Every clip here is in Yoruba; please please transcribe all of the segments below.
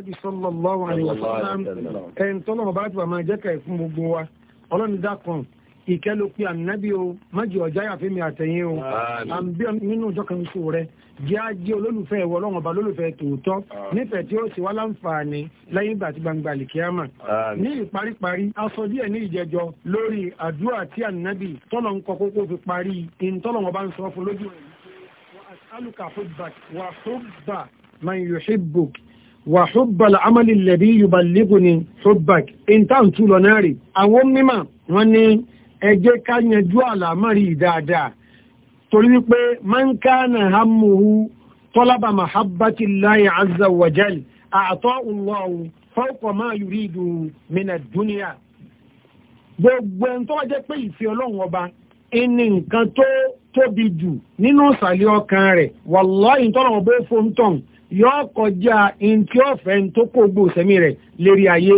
Nabi sallallahu alaihi wasallam ẹn tọ́lọ́ bàbá àti bàmá jẹ́ kẹ̀ fún gbogbo wa ọlọ́ni dákan ìkẹ́ ló pe ànábì o májì ọ̀já yàfẹ́ mi àtẹ̀yìn o àǹbí nínú ọjọ́ kan ṣo rẹ jẹ́ ajé olólùfẹ́ ìwọ ọlọ́run ọba olólùfẹ́ tòótọ́ nífẹ̀ẹ́ tí ó ṣe wá láǹfààní lẹ́yìn ìgbà àti gbangba àlìkíyàmà ní ìparíparí aṣọ díẹ̀ ní ìjẹjọ lórí àdúrà tí ànábì tọ́lọ̀ ń kọ kókó fi parí ìtọ́lọ̀ ọba ń sọ fún lójú ẹ̀ wà á sálùkà fún bàt wà fún bà máa yòṣe bòkì wà ṣùgbọ́n amali lẹ̀bí yorùbá lẹ́gùn intan tu lọ náà rè àwọn eje wọn ní ẹjẹ́ ká yanjú àlámọ́rí dáadáa torí wípé man mahabbati ma mina dúníà gbogbo ẹni tó jẹ́ pé ìfẹ́ ọlọ́run ọba ẹni nǹkan tó yóò kọjá ntí ọ̀fẹ́ tó kó gbó sẹ́mi rẹ̀ lérí ayé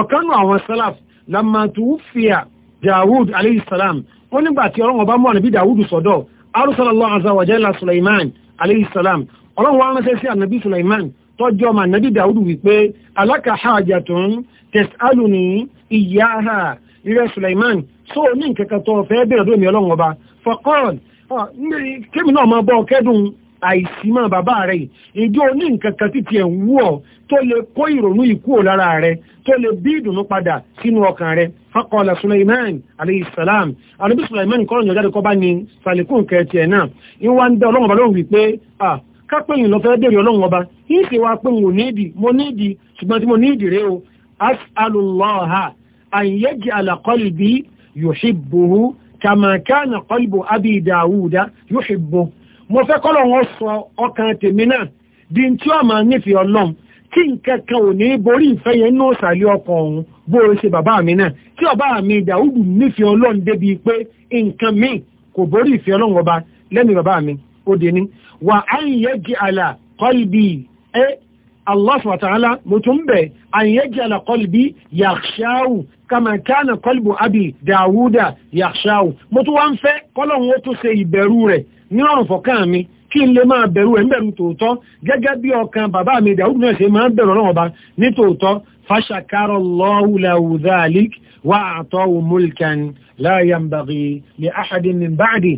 ọ̀kan nù àwọn salaf lamatu fìyà dawud aleyhi salam ó nígbà tí ọlọ́run ọba mú ànábì dawud sọ̀dọ̀ arúsọ̀lọ́lọ́ azza suleiman aleyhi salam ọlọ́run wa ránṣẹ́ sí ànábì suleiman tọ́jú ọmọ ànábì dawud wípé alaka hajatun tes'aluni iyaha ìrẹ́ suleiman só ní nǹkan kan tó fẹ́ bẹ̀rẹ̀ dómi ọlọ́run ọba faqal kẹ́mi náà máa bọ́ kẹ́dùn àìsímọ̀ bàbá rẹ̀ ìjọ ní nǹkan kan títí ẹ̀ wú ọ tó lè kó ìrònú ìkú ò lára rẹ̀ tó lè bí ìdùnnú padà sínú ọkàn rẹ̀ faqala Sulaiman alayhi salam anubi Sulaiman kọ́rọ̀ yọjá de kọ́bá ni salikun kẹtì ẹ̀ náà ìwà ń dá ọlọ́run ọba lóhùn wípé à kápẹ́yìn lọ fẹ́ bèrè ọlọ́run ọba yìí ṣe wá pé mo nídìí kama kana qalbu abi Dawuda yuhibbuhu mo fẹ́ kọ́lọ̀ wọn sọ ọkàn tèmi náà di tí ó máa nífẹ̀ẹ́ ọlọ́run tí nǹkan kan ò ní borí ìfẹ́ ní òsàlẹ̀ ọkọ̀ ọ̀hún bó o ṣe bàbá mi náà tí ọba mi dàúdù débi pé nǹkan kò borí ìfẹ́ ọba lẹ́nu bàbá Allah subhanahu wa ta'ala mutum bẹ̀ an yaj'ala qalbi yakhshahu kama kana qalbu abi Dawuda yakhshahu mo tún wá ń fẹ́ kọ́lọ̀hún ó tún ṣe ìbẹ̀rù rẹ̀ ní ọ̀rùn fọ̀kàn mi kí n lè máa bẹ̀rù ẹ̀ ń bẹ̀rù tòótọ́ gẹ́gẹ́ bí ọkàn bàbá mi Dawuda náà ṣe máa ń bẹ̀rù ọlọ́wọ́ bá ní tòótọ́ fashakara Allahu lahu dhalik wa a'tahu mulkan la yanbaghi li ahadin min ba'di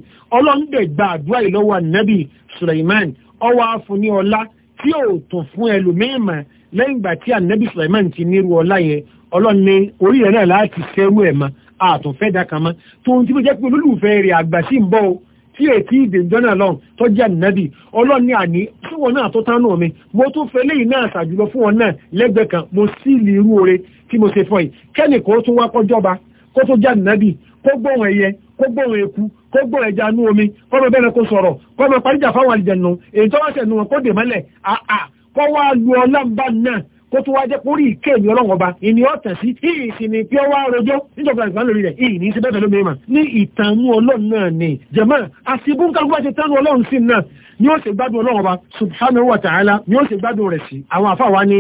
ìlọ́wọ́ nabi Sulaiman ọwọ́ afúnni ọlá tí ò tún fún ẹlòmíì mọ̀ lẹ́yìn ìgbà tí anabi Sulaiman ti nírú ọlá yẹn ọlọ́run ní orí rẹ̀ náà láti ṣẹ́rú ẹ̀ mọ́ àtúnfẹ́ dàkan mọ́ tòun tí mo jẹ́ pé olólùfẹ́ rẹ̀ àgbà sí ń bọ̀ o tí ètí ìdèjọ́ náà lọ tọ́jú ànábì ọlọ́run ní àní tí wọn náà tó tánú mi mo tún fẹ́ lẹ́yìn náà ṣàjùlọ fún wọn náà lẹ́gbẹ̀ẹ́ kan mo sì lè irú oore tí mo ṣe fún yìí kẹ́nì kó tún wá kọjọba kó tó jẹ́ ànábì kó gbóhùn ẹ̀yẹ kó gbóhùn eku kó gbóhùn ẹja nú omi kó mọ bẹ́ẹ̀ kó sọ̀rọ̀ kó mọ paríjà fáwọn àlìjẹ̀nù èyí tó wá sẹ̀nu wọn kó dè mọ́lẹ̀ àà kó wá lu ọlọ́mbà náà kó tó wá jẹ́ kó rí ìké ìní ọlọ́wọ́n ọba ìní ọ̀tẹ̀ sí ìsìn ní pé wá rojọ́ níjọba ìgbà lórí rẹ̀ ìní sí bẹ́ẹ̀ lómi mà ní ìtànú ọlọ́run náà ni jẹ̀mọ́ àṣìbú nǹkan gbọ́dọ̀ ti tánu ọlọ́run sí náà ni ó ṣe gbádùn ọlọ́run ọba subhanahu wa ta'ala ni ó ṣe gbádùn rẹ̀ sí àwọn àfàwa ni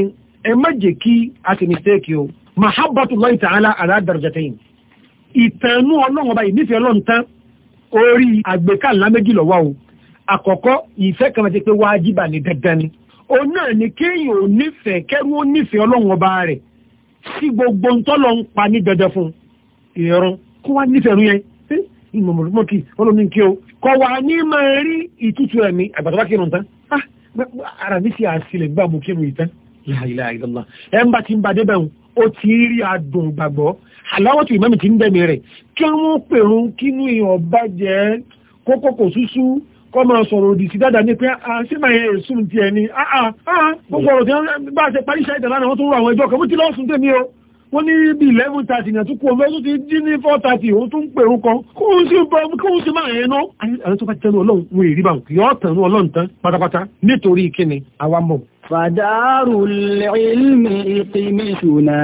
ẹ má jẹ́ kí a ti mistake o mahabbatullahi ta'ala ala darajatayn ìtànú ọlọ́run ọba ìnífẹ̀ẹ́ ọlọ́run tán orí àgbékànlá méjì lọ́wọ́ o àkọ́kọ́ ìfẹ́ kan ti pé wájibà ní dandan ni òun náà ni kéèyàn ò nífẹ̀ẹ́ kẹ́rú ó nífẹ̀ẹ́ ọlọ́run ọba rẹ̀ sí gbogbo ntọ́lọ́ ń pa ní dandan fún ìrún kó wá nífẹ̀ẹ́ rú yẹn ìmọ̀mọ̀lùmọ́kì ọlọ́run kí o kọ́ wa ní máa rí ìtútù ẹ̀mí ah, mi sì àṣìlẹ̀ gbà mú kírun ìtàn láìláìlọ́lá ẹ̀ ń bá ti ń ba débẹ̀ o aláwọ̀tì ìmọ̀mì tí ń bẹ̀mí rẹ̀ kí wọ́n pèrún kínú ìhàn bá jẹ́ kókókò súsú kọ́ máa sọ̀rọ̀ òdì sí dáadáa ní pé àṣìmọ̀ ẹ̀ sùn ti ẹ̀ ni ah, ah, ah, gbogbo ọ̀rọ̀ tí wọ́n bá ṣe parí ṣáà ìdàlá àwọn tó ń rọ àwọn ẹjọ́ kan bó ti lọ́ tèmi o wọ́n ní bí eleven thirty ní àtúkù ọmọ ẹ̀sùn ti dín ní four thirty òun tó ń pèrún kan kó ń máa ẹ̀ náà. àwọn tó bá tẹnu ọlọ́run wọn èrí bá yọ ọ̀tàn ọlọ́run tán pátápátá nítorí kíni àwa mọ̀. fàdárù ilmi ìpínlẹ̀ ṣùnà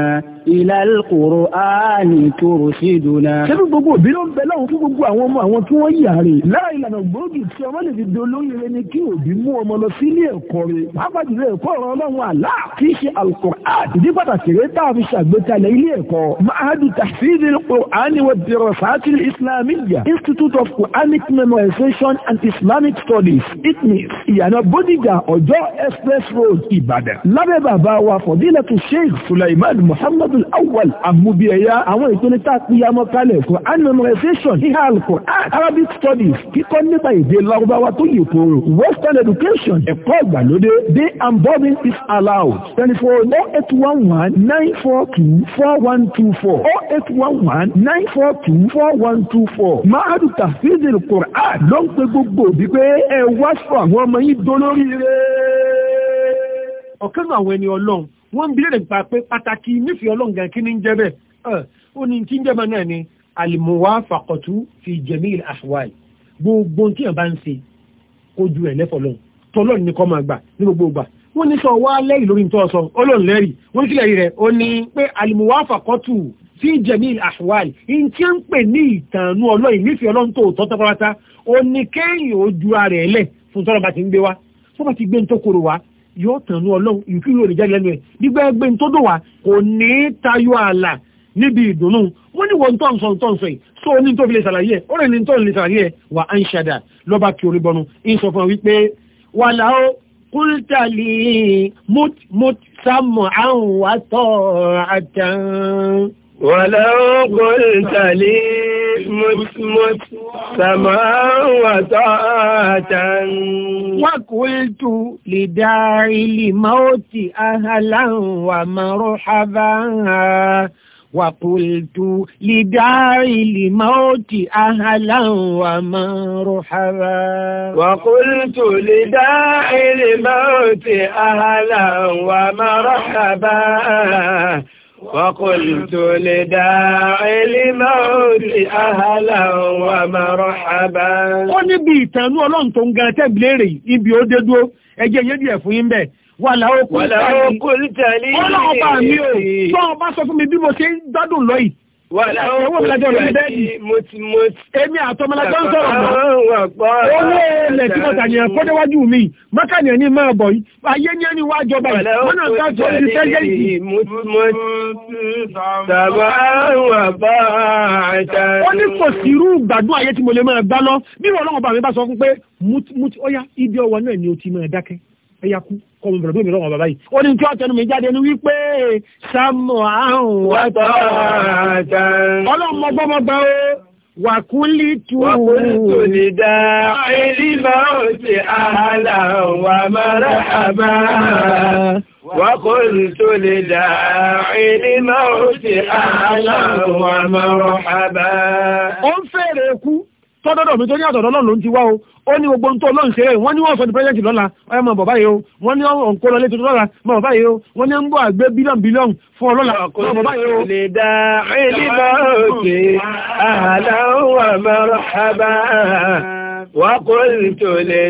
ilal Qur'ani tursiduna. ṣé fún gbogbo òbí ló ń bẹ láwọn fún gbogbo àwọn ọmọ àwọn tí wọ́n yà rè lára ìlànà gbòógì tí ọmọ lè fi di olóyèrè ni kí òbí mú ọmọ lọ sílé ẹ̀kọ́ rẹ̀ pàápàá jùlọ ẹ̀kọ́ ọ̀rọ̀ ọlọ́run àlá kì í ṣe al-Qur'an ìdí pàtàkì rẹ̀ tá a fi ṣàgbékalẹ̀ ilé ẹ̀kọ́ mahadu tahfidil Qur'ani wa dirasati islamiyya institute of Quranic memorization and Islamic studies itnis ìyànà bódìjà ọjọ́ express road Ìbàdàn lábẹ́ bàbá wa fọ̀dílẹ̀ tó Sheikh Sulaiman Muhammadu al-asl awwal àmúbíẹ̀yà àwọn ìpínlẹ̀ tá a pìyàmọ́ kalẹ̀ fún memorization híhá al-Qur'an arabic studies kíkọ́ nípa èdè lárúbáwá tó yè kóró western education ẹ̀kọ́ ìgbàlódé day and bobbing is allowed telephone 0811 942 4124 one nine four two four one two four oh eight one one nine four two four one two four mahadu tafsir al-Qur'an ló ń pe gbogbo òbí ẹ wá sọ àwọn ọmọ yìí dolórí rẹ̀ ọ̀kẹ́ àwọn ẹni ọlọ́run wọ́n ń bilẹ̀ nípa pé pàtàkì nífẹ̀ẹ́ ọlọ́run gan kí ni ń jẹ́ bẹ́ẹ̀ ó ní tí ń jẹ́ bẹ́ẹ̀ náà ni al-muwafaqatu fi jamil ahwal gbogbo tí yàn bá ń ṣe ojú ẹ̀ lẹ́fọ̀ lọ́n tọ́lọ́run ní kọ́ máa gbà ní gbogbo gbà wọ́n ní sọ wá lẹ́rì lórí tó sọ ọlọ́run lẹ́rì wọ́n ní kílẹ̀ rẹ̀ ó ní pé al-muwafaqatu fi jamil ahwal in tí ń pè ní ìtànú ọlọ́run ti gbé wá tó yóò tàn ní ọlọ́run ìfìlò rẹ̀ jáde lẹ́nu ẹ̀ gbígbẹ́ ẹgbẹ́ tó dùn wá kò ní tayọ ààlà níbi ìdùnnú wọ́n ní wọ́n tọ́n sọ tọ́n sọ yìí sọ ní tó fi lè ṣàlàyé ẹ̀ ó rẹ̀ ní tó lè ṣàlàyé ẹ̀ wà á ń ṣàdà lọ́ba kí orí bọnu ń sọ fún wípé wà láó kúlítàlì mọ́tsámọ̀ àwọn wà àtàn ولو قلت لي مت مت سماء وطاعة وقلت لداعي الموت أهلا ومرحبا وقلت لداعي الموت أهلا ومرحبا وقلت لداعي الموت أهلا ومرحبا وقلت لداع الموت أهلا ومرحبا ó ní bí ìtànú ọlọ́run tó ń ga tẹ́bìlérè ibi ó dé dúró ẹjẹ́ yé díẹ̀ fún yín bẹ́ẹ̀ wà láókùn tẹ̀lé ọlọ́ọ̀bá mi ò tó ọba sọ fún mi bí mo ṣe ń gbádùn lọ́yìí Èmi àtọmọlájọ́ ń sọ̀rọ̀ mọ́. Owó ẹlẹ̀ tí mo tàníyàn kó déwájú mi, mọ́kànìyàn ní máa bọ̀ yìí, ayé ní ẹni wá jọba yìí, wọ́n náà ká tó ní tẹ́jẹ́ yìí. Ó ní kò sí irú ìgbádùn ayé tí mo lè máa gbá lọ, bí wọ́n lọ́wọ́ bá mi bá sọ fún ni o ti máa ẹ̀yà kú kọ́ mi bẹ̀rẹ̀ bí mi lọ́wọ́ bàbá yìí ó ní kí ọ̀tẹ̀nu mi jáde ní wípé sámù àrùn wọ́tọ̀ ọlọ́mọgbọ́mọgbà ó wà kú lì tù ú ní dá ilé máa ń ṣe àhàlà wà mara àbá wà kú lì tù ní dá ilé máa ń ṣe àhàlà wà mara àbá. ó ń fèrè kú tọ́dọ̀dọ̀ mi tó ní àtọ̀dọ̀ lọ́nà ló ń ti wá o ó ní gbogbo tó lọ́n ṣe wọ́n ní wọ́n sọ di pẹ́sẹ̀ntì lọ́la ọyọ mọ̀ bàbá yìí o wọ́n ní ọ̀nkó lọ létí lọ́la mọ̀ bàbá yìí o wọ́n ní ń bọ̀ àgbẹ̀ bílíọ̀n bílíọ̀n fún ọlọ́la mọ̀ bàbá yìí o. lè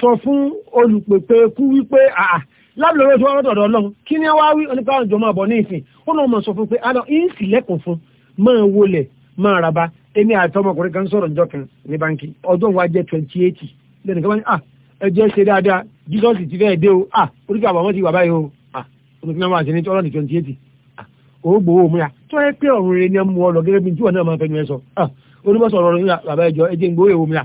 sọ fún olùpèpè kú wípé àà lábìlọ́rọ̀ tí wọ́n rọ́ tọ̀dọ̀ ọlọ́run kí ní wá wí onípa àjọ máa bọ̀ ní ìsìn ó náà mọ̀ sọ fún pé àlọ́ ìsì lẹ́kùn fún máa wọlẹ̀ máa raba èmi àti ọmọkùnrin kan sọ̀rọ̀ ọjọ́ kan ní báńkì ọjọ́ wa jẹ́ twenty eight lẹ́nu kí wọ́n ní à ah, ẹjẹ́ ṣe dáadáa Jesus ti fẹ́ẹ́ dé o à ah, oríkì àbàmọ́ ti wà báyìí o à ah, olùkíná máa ṣe ní ọlọ́ni twenty eight ò gbowó mu ya tó yẹ pé ọ̀run rẹ ni ẹ mú ọ lọ gẹ́gẹ́ bí tí wọn náà máa fẹ́ ni ẹ sọ onímọ̀sọ̀rọ̀ ọ̀run yà bàbá ẹjọ́ ẹjẹ́ ń gbowó èwo mu ya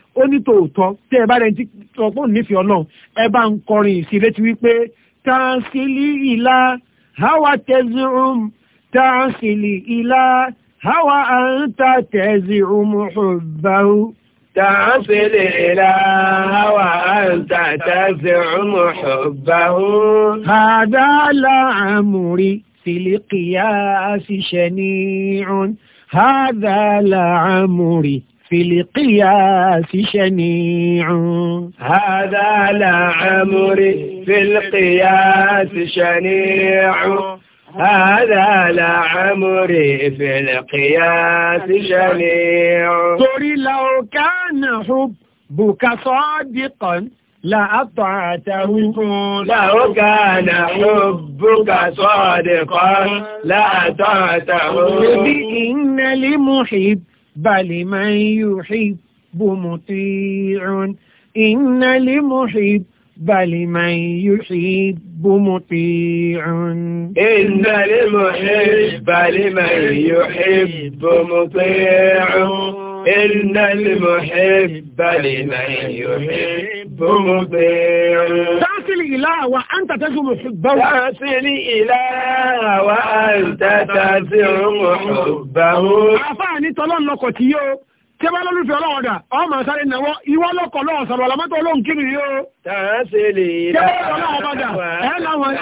ó ní tòótọ́ tí ẹ bá rẹ̀ ti ọ̀pọ̀ nífẹ̀ẹ́ ọlọ́run ẹ bá ń kọrin ìsì létí wípé tàǹsìlì ìlà háwa tẹ̀síùm tàǹsìlì ìlà háwa àǹtà tẹ̀síùm ọ̀bàù. tàǹsìlì ìlà háwa àǹtà tẹ̀síùm ọ̀bàù. hàdá làámùrí sílíkìyà àṣìṣẹ́ ní ọ̀n hàdá làámùrí. في القياس شنيع هذا لعمري في القياس شنيع هذا لعمري في القياس شنيع تري لو كان حبك صادقا لا أطعته لو كان حبك صادقا لا أطعته إن لمحب بل من يحب مطيع إن لمحب بل من يحب مطيع إن لمحب لمن يحب مطيع إن المحب لمن يحب مطيع Wàásìlì ìlàhà wa á ń tàtà sí ọmọ ṣùgbọ́n. Wàásìlì ìlàhà wa á ń tàtà sí ọmọ ṣùgbọ́n. Àfáà ní O lọkọ̀ tí yóò tí a bá lọ́lùfẹ́ ọlọ́ọ̀dà ọmọ sáré náwọ́ ìwọ́ lọ́kọ̀ lọ́wọ́ sọ̀rọ̀ àlámọ́tò olóhùn kiri yóò. Tàásìlì ìlàhà wa á ń tàtà sí ọmọ ṣùgbọ́n.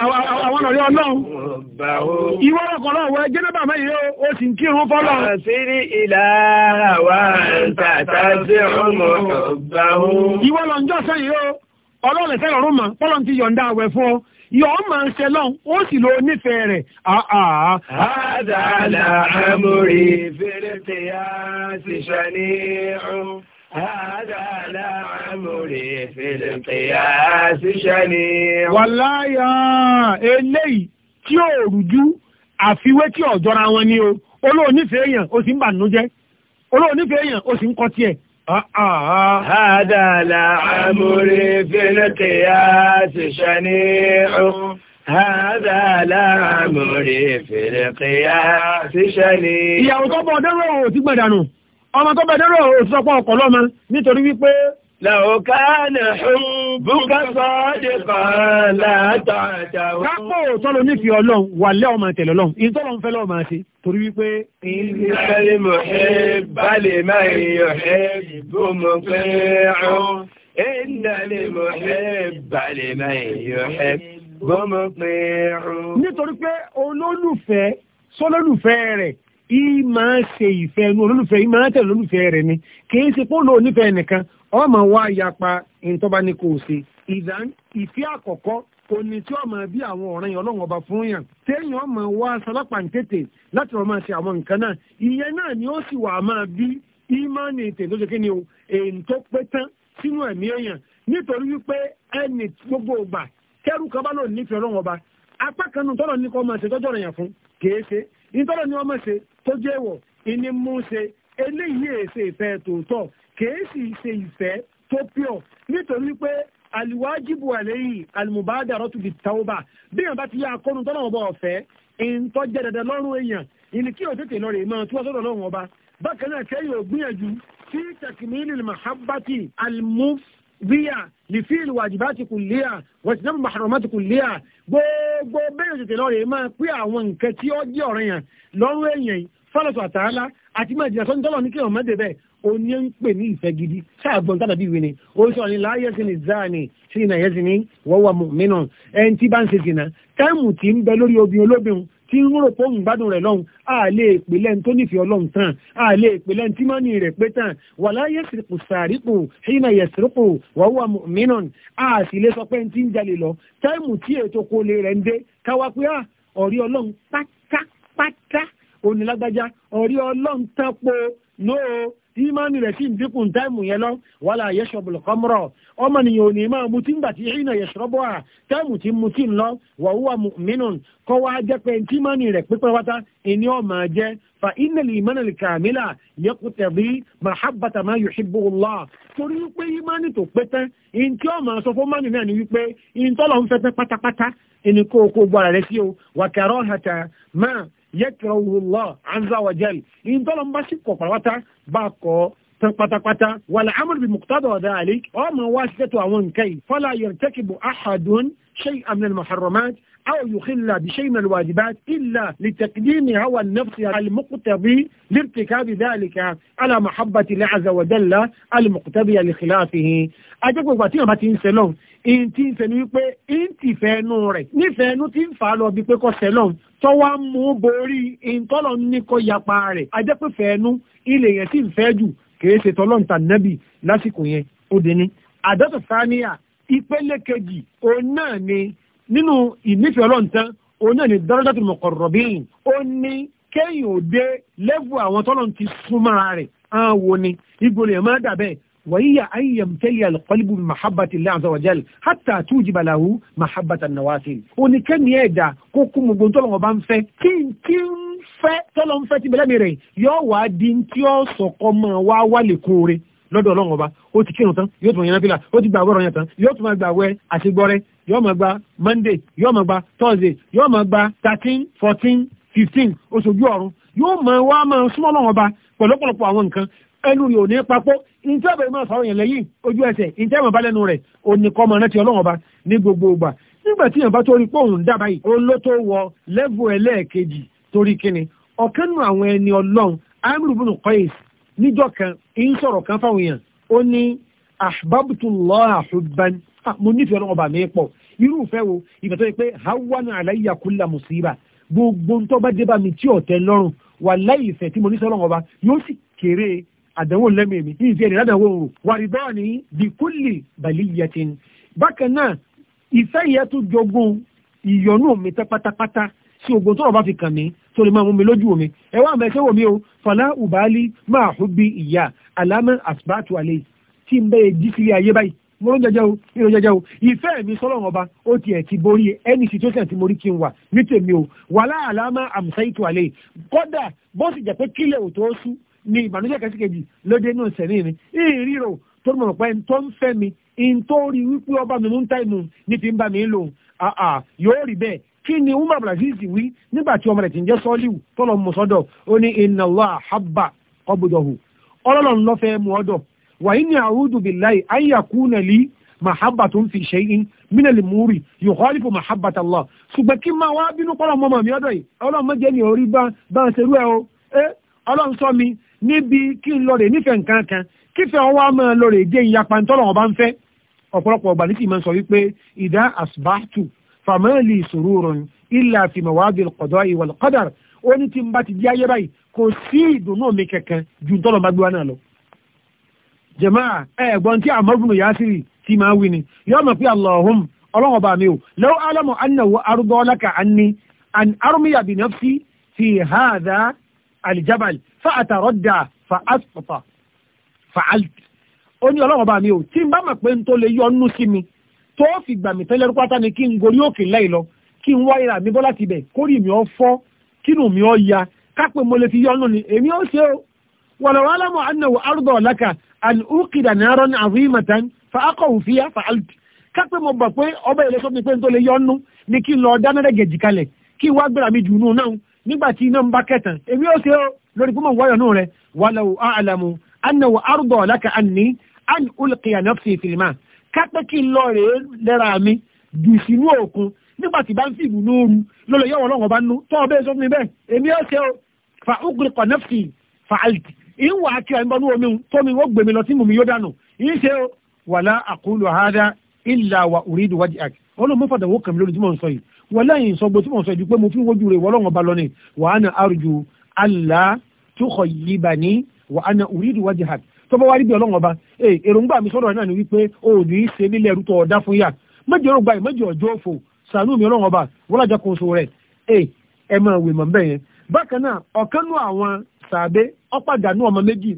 Ìwọ́ lọ́njọ́ sẹ́yìn yóò ọlọ́run ẹ̀fẹ́ lọ́rùn mọ́ fọlọ́n ti yọ̀ǹda àwẹ̀ fún ọ yọ̀ ọ́ máa ń ṣe lọ́n ó sì lo nífẹ̀ẹ́ rẹ̀. àdàlà àmúrí fèrèsé á sì ṣàní ọ̀hún. àdàlà àmúrí fèrèsé á sì ṣàní ọ̀hún. wàláyà eléyìí tí ò rújú àfiwé tí ò wọn ni o olóònífẹ̀ẹ́ èèyàn ó sì ń bà nínú jẹ́ olóònífẹ̀ẹ́ èèyàn ó sì ń kọ́ tiẹ̀. هذا لعمري في القياس شنيع هذا لعمري في القياس شنيع ìyàwó tó bọ̀ dẹ́rọ̀ ò ti gbẹ̀dànù ọmọ tó bẹ̀dẹ̀rọ̀ ò ti sọpọ̀ ọ̀pọ̀ lọ́mọ nítorí wípé لو كان حب Bùkátà ṣe fàálà tààtà. Kápò sọ́lọ torí wípé. Ìlẹ́lẹ́ mọ̀ balẹ̀ máa yọ̀ ẹ́ ìbò mọ̀ pẹ́ ọ́. Ìlẹ́lẹ́ mọ̀ balẹ̀ máa yọ̀ ẹ́ ìbò mọ̀ pẹ́ ọ́. Nítorí pé olólùfẹ́ sọ́lọ́lùfẹ́ rẹ̀ i máa ṣe ìfẹ́ ẹnu olólùfẹ́ yìí máa tẹ̀lé olólùfẹ́ rẹ̀ ni kì í ṣe pọ́ọ̀lù onífẹ́ nìkan ọmọ wa yapa ìtọ́ba ni kò ṣe ìdán ìfẹ́ àkọ́kọ́ òní tí ọmọ bí àwọn ọ̀ràn yẹn ọlọ́run ọba fún yàn téèyàn ọmọ wa sọlọ́pàǹtètè láti ọmọ ṣe àwọn nǹkan náà ìyẹn náà ni ó sì wà máa bí ìmánì ṣe kí ni o èyí tó pé tán sínú ẹ̀mí èèyàn nítorí wípé ẹnì gbogbo kẹrù kan bá lòun nífẹ̀ẹ́ ọlọ́run ọba apá kan nù tọ́lọ̀ ní kọ́ tó jẹ́ ìwọ̀ ìní mú ṣe eléyìí èsè ìfẹ́ tòótọ́ kìí sì ṣe ìfẹ́ tó pure nítorí pé àlùwájìbù àléyìn àlùmùbáàdà rọ́tùbì tàwọ́bà bí yàn bá ti yá akọ́nu tọ́nà ọba ọ̀fẹ́ ìǹtọ́jẹ́ dandan lọ́rùn èèyàn ìní kí òtètè lọ rè máa túwọ́ sọ́dọ̀ lọ́rùn ọba bákan náà kẹ́yìn ò gbìyànjú sí takmili mahabbati almufiya lifil wajibati kulliya wajinam mahrumati kulliya gbogbo bẹ́ẹ̀ òtètè lọ rè máa pé àwọn nǹkan tí ó jẹ́ ọ̀rẹ́ lọ́rùn èèyàn sálọ̀tọ̀ àtàlá àti máa jìnà sọ́ni tọ́lọ̀ ní kí ọmọdé bẹ́ẹ̀ o ní ń pè ní ìfẹ́ gidi sáàgbọ́n tàbí ìwé ni ó sọ ní láyé sí ni záàni sí ìnà yẹsí ni wọ́wọ́ mìíràn ẹni tí bá ń ṣe sìnà táìmù tí ń bẹ lórí obìnrin olóbìnrin tí ń rò pé òun gbádùn rẹ̀ lọ́hùn á lè pè lẹ́ni tó nífẹ̀ẹ́ ọlọ́run tán á lè pè lẹ́ni tí mọ́ni rẹ̀ pé tán wà láyé sìnkù sàríkù ìnà yẹ̀sìrìkù wọ́wọ́ mìíràn á sì lè sọ pé ní ti ń jalè lọ táìmù tí ètò kò lè rẹ̀ ń dé káwá pé ọ̀rí ọlọ́run pátápátá onílágbájá ọ̀rí ọlọ́run tán po lóo ìmánì rẹ̀ sì ń dínkù táìmù yẹn lọ wàhálà yẹsọ̀bù lọ́kọ́mọ́rọ̀ ọmọnìyàn ò ní máa mutí ńgbà tí ìrìnà yẹsọ̀rọ̀bọ̀ à táìmù tí mutí ń lọ wàhúwà mìíràn kọ́ wá jẹ́ pé tí ìmánì rẹ̀ pípẹ́ wáta ìní ọmọ jẹ́ fa ìnẹ̀lì ìmánì kàmílà yẹkùtẹ̀ bí mahabbata máa yuhibbu Allah torí wípé ìmánì tó pé tán ìntí ọmọ sọ fún mánì náà yakrahullah azza wa jal in tọ́lọ ń bá sí kọ̀ pàwátá bá kọ́ tán pátápátá wal amru bi muqtada dhalik ọmọ wá sí tẹ́tọ̀ àwọn nǹkan yìí fala yartakibu ahadun شيئا من المحرمات أو يخل بشيء من الواجبات إلا لتقديم هوى النفس المقتضي لارتكاب ذلك على محبة الله عز وجل المقتضية لخلافه أجاكو باتيما ما تنسلون. إنتي إن تنسى نيكو إن تفنو ري نفنو تنفعلو بيكو سلون tó wá mú borí ìtọ́lọ̀ ní kó yapa rẹ̀ ajẹ́pẹ̀fẹ́ ẹnu ilé yẹn sì ń fẹ́ jù kìí ṣe tọ́lọ́ǹtà nẹ́bì lásìkò yẹn ó dé ní àdọ́tò sáníà ìpele kejì òun náà ni nínú ìnífẹ̀ẹ́ ọlọ́run tán òun náà ni darajatul muqarrabin ó ní kéyìn òde lẹ́bù àwọn tọ́lọ́run ti súnmọ́ra rẹ̀ án wo ni ìgboro yẹn máa dàbẹ́ wàyíyà ayíyà mtẹ́lẹ̀ alqalbu mahabbati Allah azza wa jal hatta tujiba lahu mahabbata nawasi oníkẹ́ni ẹ̀dá kó kú mu gbọ́n tọ́lọ́run ọba ń fẹ́ kí n kí ń fẹ́ tọ́lọ́run fẹ́ ti bẹ́lẹ́ mi rẹ̀ yọ wá di tí ó mọ́ wá wálé kóore lọ́dọ̀ ọlọ́run ọba ó ti kírun tán yóò tún yẹn fílà ó ti gba àwẹ̀rọ̀ yẹn tán yóò tún máa gba àwẹ̀ àṣegbọ́rẹ́ yóò máa gba monday yóò máa gba thursday yóò máa gba thirteen fourteen fifteen oṣooju ọ̀run yóò máa wá máa súnmọ́ ọlọ́run ọba pẹ̀lọ́pọ̀lọpọ̀ àwọn nǹkan ẹnu rẹ̀ ò ní papọ̀ ìtẹ́bẹ̀ máa sọ̀rọ̀ yẹn lẹ́yìn ojú ẹsẹ̀ ìtẹ́bẹ̀ bá lẹ́nu rẹ̀ ò ní kọ́ máa rántí ọlọ́run ọba ní gbogbo ìgbà nígbà tí yẹn bá tó rí pé òun dábàá yìí òun ló tó wọ lẹ́vù ẹlẹ́ẹ̀kejì torí kíni ọ̀kan nù àwọn ẹni ọlọ́run amúrúbùnú kọ́yèsí níjọ́ kan ń sọ̀rọ̀ kan fáwọn èèyàn ó ní ahbabtullah hubban ah, mo nífẹ̀ẹ́ ọlọ́run ọba mi pọ̀ irúfẹ́ wo ìgbà tó yẹ pé hawana alayya kulla musiba gbogbo ń tọ́ba dé bá mi tí ọ̀tẹ̀ lọ́rùn wà láì ìfẹ́ tí mo ní sọ́lọ́run ọba yóò sì kéré àdánwò lẹ́mìí mi ìfẹ́ ìrìn àdánwò rò wà rí báwọn ní bákan náà ìfẹ́ ìyẹn tó jogún ìyọnú mi tẹ́ pátápátá sí ogun tó rọ̀ fi kàn mí tó lè máa mú mi lójú omi ẹ wá mẹ́kẹ́ wò mí o fàlà ùbálí máa hù bí ìyá àlámẹ́ àsìbáàtù àlẹ́ tí ń bẹ́ẹ̀ jí sílé ayé báyìí mo ń jẹjẹ o ìrò jẹjẹ o ìfẹ́ mi sọ́lọ́run ọba ó tiẹ̀ ti borí ẹni situation tí mo rí kí n wà ní tèmi o wàhálà àlámà àmùsáìtù àlẹ́ kódà bó sì kílẹ̀ ò tó sú ni ìbànújẹ́ kẹsíkejì lóde inú ìsẹ̀mí mi ìríro tó mọ̀ pé tó ń fẹ́ mi ìntórí wípé ọba mi ń táìmù ní ti ń bá mi lòun yóò rí bẹ́ẹ̀ kí ni umar abdulaziz wí nígbà tí ọmọ rẹ̀ ti ń jẹ́ sọ́ọ́lì tọ́lọ̀ mọ̀ sọ́dọ̀ ó ní inna Allah habba qabdahu ọlọ́lọ́run lọ́fẹ́ mu ọdọ̀ wa inni a'udhu billahi an yakuna li mahabbatun fi shay'in min al-umuri yukhalifu mahabbata Allah ṣùgbọ́n kí máa wá bínú pọ́lọ̀ mọ́mọ́ mi ọdọ̀ yìí ọlọ́run mọ́jẹ́ ni orí bá bá ń ṣerú ẹ o ẹ ọlọ́run sọ mi níbi kí n lọ́ọ̀rẹ̀ nífẹ̀ẹ́ nǹkan kan kífẹ́ ọwọ́ àmọ́ lọ́ọ̀rẹ̀ jẹ́ ìyapa ń tọ́lọ̀ wọn bá ń fẹ́ ọ̀pọ̀lọpọ̀ ọgbà ní kì í máa sọ wípé ìdá asbahtu fàmẹ́lì ìṣòro rẹ̀ ilà fi mọ̀wádìí ọ̀dọ́ ìwọ̀l kọ́dà ó ní tí n bá ti di ayé báyìí kò sí ìdùnnú mi kankan ju tọ́lọ̀ bá gbé wa náà lọ. jàmáà ẹ̀gbọ́n tí àmọ́gùn yá sí ti máa wí ni yóò mọ̀ pé allahum ọlọ́wọ́ bá mi o lọ́wọ́ alámọ̀ annahu arúgbọ́láka anni an arúmíyà bí nafsi fi hàdá aljabal fa àtàrọ́dà fa asfata fa alt ó ní ọlọ́wọ́ bá mi o tí n bá mọ̀ pé n tó le yọ nú sí mi tó fi gbà mí tẹ́lẹ̀ rúpátá ni kí n gorí òkè láì lọ kí n wá ìrà mi bọ́ láti bẹ̀ kórì mi ọ fọ́ kínú mi ọ ya kápẹ́ mo lè fi yọ ọ́nù ni èmi ó ṣe o wàlọ́ wàhálà mọ́ anáwó arúgbó ọ̀làkà àni ókìdà náírà ní àwọn ìmọ̀tán fa akọ̀ òfìyà fa alùpùpù kápẹ́ mo gbà pé ọba ìlẹ̀ sọ́mi pé n tó lè yọ ọ́nù ni kí n lọ dánilẹ́gẹ̀ẹ́jì kalẹ̀ kí n wá gbéra mi jù náà nígbà tí iná ń bá kẹtàn èmi ó ṣe o lórí púpọ̀ wáyọ̀ náà rẹ̀ wàlọ́ àlàmù anáwó arúgbó ọ̀làkà àni àni olùkìyà náà fi fìlímà kápẹ́ kí n lọ rèé lẹ́ra mi jù sínú òkun nígbà tí bá ń fìbù lóoru lọ́lọ́ yọ̀wọ̀ lọ́wọ́ bá ń nú tọ́ ọ bẹ́ẹ̀ sọ fún mi bẹ́ẹ̀ èmi ó ṣe o fa ugri kọ̀nẹ́fì fa alti ìwà àti àìmọ́nú omi tómi ó gbèmí lọ sí mùmí yóò dànù yìí ṣe o wàlá àkúlù àhádá ìlà wà uridu wájú àk olóòmù fàdà wó kàmí lórí tí mò ń sọ yìí wọlé yìí sọ gbó tí mò ń sọ yìí pé mo fi wojú rẹ̀ wọlọ́wọ́ bá lọ ni wà á na arju Allah tukhayyibani wà á na uridu wájú àk tọ́bọ́ wá rí bí ọlọ́run ọba eh, èròǹgbà mi sọ́dọ̀ náà ni wípé o ò ní í ṣe nílẹ̀ ẹrú tó ọ̀dá fún yà méjì ọ̀rọ̀ gba ìméjì ọjọ́ òfò sànú mi ọlọ́run ọba wọ́n lájà kóso rẹ̀ eh, ẹ mọ̀ ìwé mọ̀ bẹ́ẹ̀ yẹn bákan náà ọ̀kan àwọn sàbẹ́ ọ̀pàdánù ọmọ méjì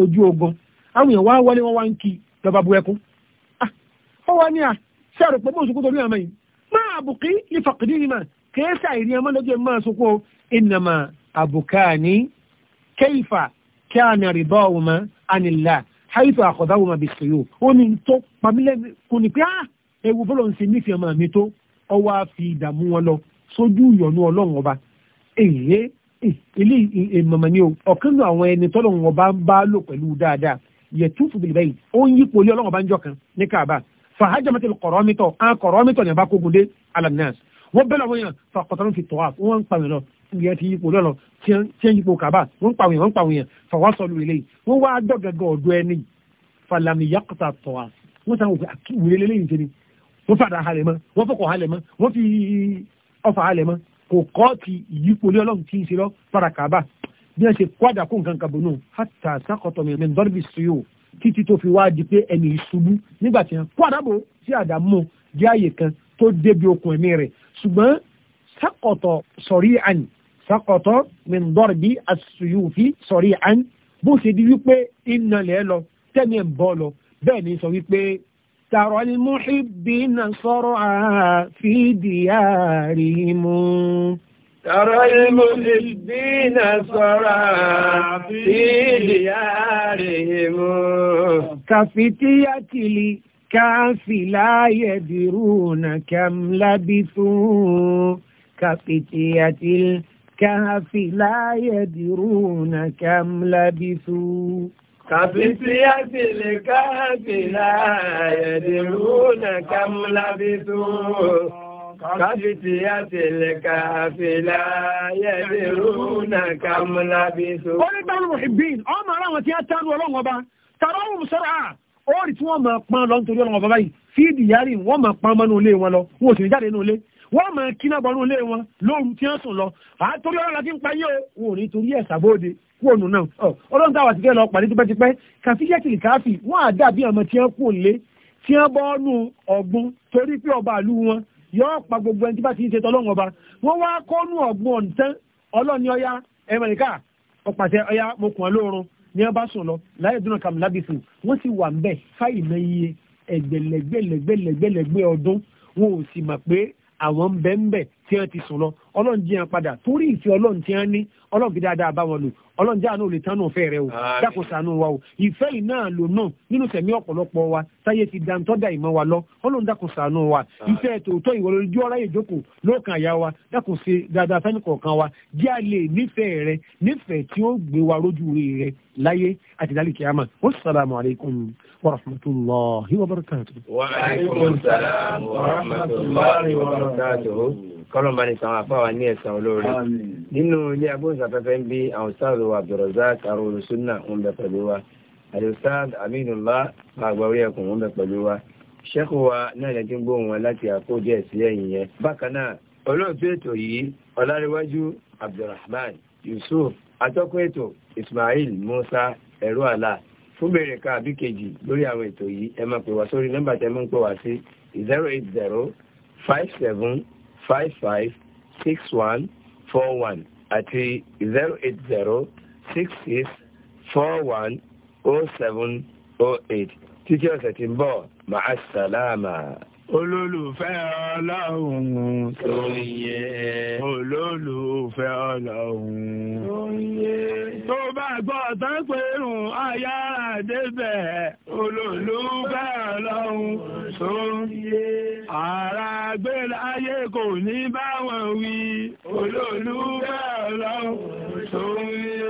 ogun àwọn èèyàn wọlé wọn wá ń kí lọ́ba ah, ọ kí a nà rìbọ́ ọmọ anìlá haitu àkọ́dá ọmọ bìsìyò ó ní tó pàmílẹ̀ kò ní pé á ewu fọlọ́ ń ṣe nífẹ̀ẹ́ ọmọ mi tó ọwọ́ á fi ìdààmú wọn lọ sójú ìyọ̀nù ọlọ́run ọba èyí ilé ìmọ̀mọ̀ ni o ọ̀kan nù àwọn ẹni tọ́lọ́run ọba ń bá lò pẹ̀lú dáadáa yẹtúfù bìlì bẹ́yìí ó ń yípo ilé ọlọ́run ọba ń jọ kan ní káàbà fàhájàmẹ́tì kọ̀rọ́mítọ̀ yẹn ti yípo lọ́nà tí ń yípo kàbá wọ́n ń pa wọ̀nyẹn wọ́n ń pa wọ̀nyẹn fàwọn sọ̀rọ̀ ilé yìí wọ́n wá dọ̀gẹ̀gẹ̀ ọ̀dọ̀ ẹni falami yakuta tọ́wa wọ́n sàn wọ́n wúlé lélẹ́yìn tẹ́ni wọ́n fàdà halẹ̀ mọ́ wọ́n fọkọ̀ halẹ̀ mọ́ wọ́n fi ọfà halẹ̀ mọ́ kò kọ́ ti yípo lé ọlọ́run tí ń ṣe lọ fara kàbá bí wọ́n ṣe kwada kó nǹkan kan bọ̀nù hàtà sákọ̀tọ̀ mẹ́rin dọ́rbì suyo títí tó fi wá di pé ẹni ìṣubú nígbà tí wọ́n kwada bò sí àdàmú di àyè kan tó ṣùgbọ́n sákọ̀tọ̀ sọ̀rí àní saqata min darbi as-suyufi sari'an bó ṣe di wípé iná lẹ́ lọ tẹ́mi ẹ̀ ń bọ́ lọ bẹ́ẹ̀ ni sọ wípé tààrọ̀ ni muhibbina sọ̀rọ̀ fi diyarihim. tààrọ̀ ni muhibbina sọ̀rọ̀ fi diyarihim. kàfitìyàtìlì káfí láàyè dìrúnà kam labithun kàfitìyàtìlì. الكهف لا يدرون كم لبثوا كفتية الكهف لا يدرون كم لبثوا كفتية الكهف لا يدرون كم لبثوا قلت المحبين أمر وتياتان ولو وبا تراهم بسرعة orí tí wọ́n máa pán lọ nítorí ọlọ́wọ́ bàbá yìí fíìdì yàrá wọ́n máa pán mọ́nú ilé wọn lọ wọ́n ò sì jáde nínú ilé wọ́n máa kí náà bọ́nú ilé wọn lóru tí wọ́n sùn lọ àtòrí ọ̀rọ̀ láti ń pa yé o wọn ò ní torí ẹ̀ sàbóde kú ònù náà ọlọ́run táwa ti fẹ́ lọ pàdé tipẹ́tipẹ́ kàfíṣẹ́kìlì káfí wọ́n á dàbí ọmọ tí wọ́n kú lé tí wọ́n bọ́nú ọ̀gbun torí pé ọba àlú wọn yóò pa gbogbo ẹni tí bá ti ń ṣe tọ́lọ́run ọba wọ́n wá kọ́nú ọ̀gbun ọ̀ǹtán ọlọ́ni wọn ò sì mọ̀ pé àwọn bẹ́ńbẹ́ tí wọ́n ti sùn lọ ọlọ́run jí wọn padà torí ìfẹ́ ọlọ́run tí wọ́n ní ọlọ́run fi dáadáa bá wọn lò ọlọ́njẹ́ àánú lè tánú ọ̀fẹ́ rẹ o dákun ṣàánú wa o ìfẹ́ yìí náà lò náà nínú sẹ̀mí ọ̀pọ̀lọpọ̀ wa táyé ti da ntọ́da ìmọ̀ wa lọ ọlọ́run dákun ṣàánú wa ìfẹ́ tòótọ́ ìwọ lójú ọ̀rá ìjókòó lóòkan àyà wa dákun ṣe dáadáa sẹ́ni kọ̀ọ̀kan wa jẹ́ a lè nífẹ̀ẹ́ rẹ nífẹ̀ẹ́ tí ó gbé wa rójú rẹ láyé àti dálì kíámà wassalamu alaikum wa rahmatullahi wa barakatuh. wa alaikum salam wa rahmatullahi wa barakatuh. kọ́lọ́mbà ni sàwọn afáwa ní ẹ̀sán olóore nínú ilé agbóhùnsáfẹ́fẹ́ ń bí àwọn sáà wa abdulrasaq arúgbó sunna ń bẹ pẹ̀lú wa alustad aminullah agbáwí ẹkùn ń bẹ pẹ̀lú wa ṣẹ́kù wa náà lẹ́tí ń gbóhùn wọn láti àkójọ ìsílẹ̀ yìí yẹn bákan náà olóòtú ètò yìí ọláríwájú abdulrahman yusuf atọ́kùn ètò ismail musa ẹ̀rú àlà fún bèrè ká àbí kejì lórí àwọn ètò yìí ẹ máa pè wá sórí nọ́mbà tẹ́ mú ń pè wá sí zero eight zero five seven five five six one four one àti zero eight zero six six four one o oh seven o oh eight títí ọ̀sẹ̀ tí ń bọ̀ màá sàlámà olólùfẹ́ ọlọ́run tó yẹ olólùfẹ́ ọlọ́run tó yẹ tó bá gbọ́ tán pé rùn ayá débẹ̀ olólùfẹ́ ọlọ́run tó ara gbé láyé kò ní bá bá wọn wí olóòlú bá ọlọ́run tó ń rí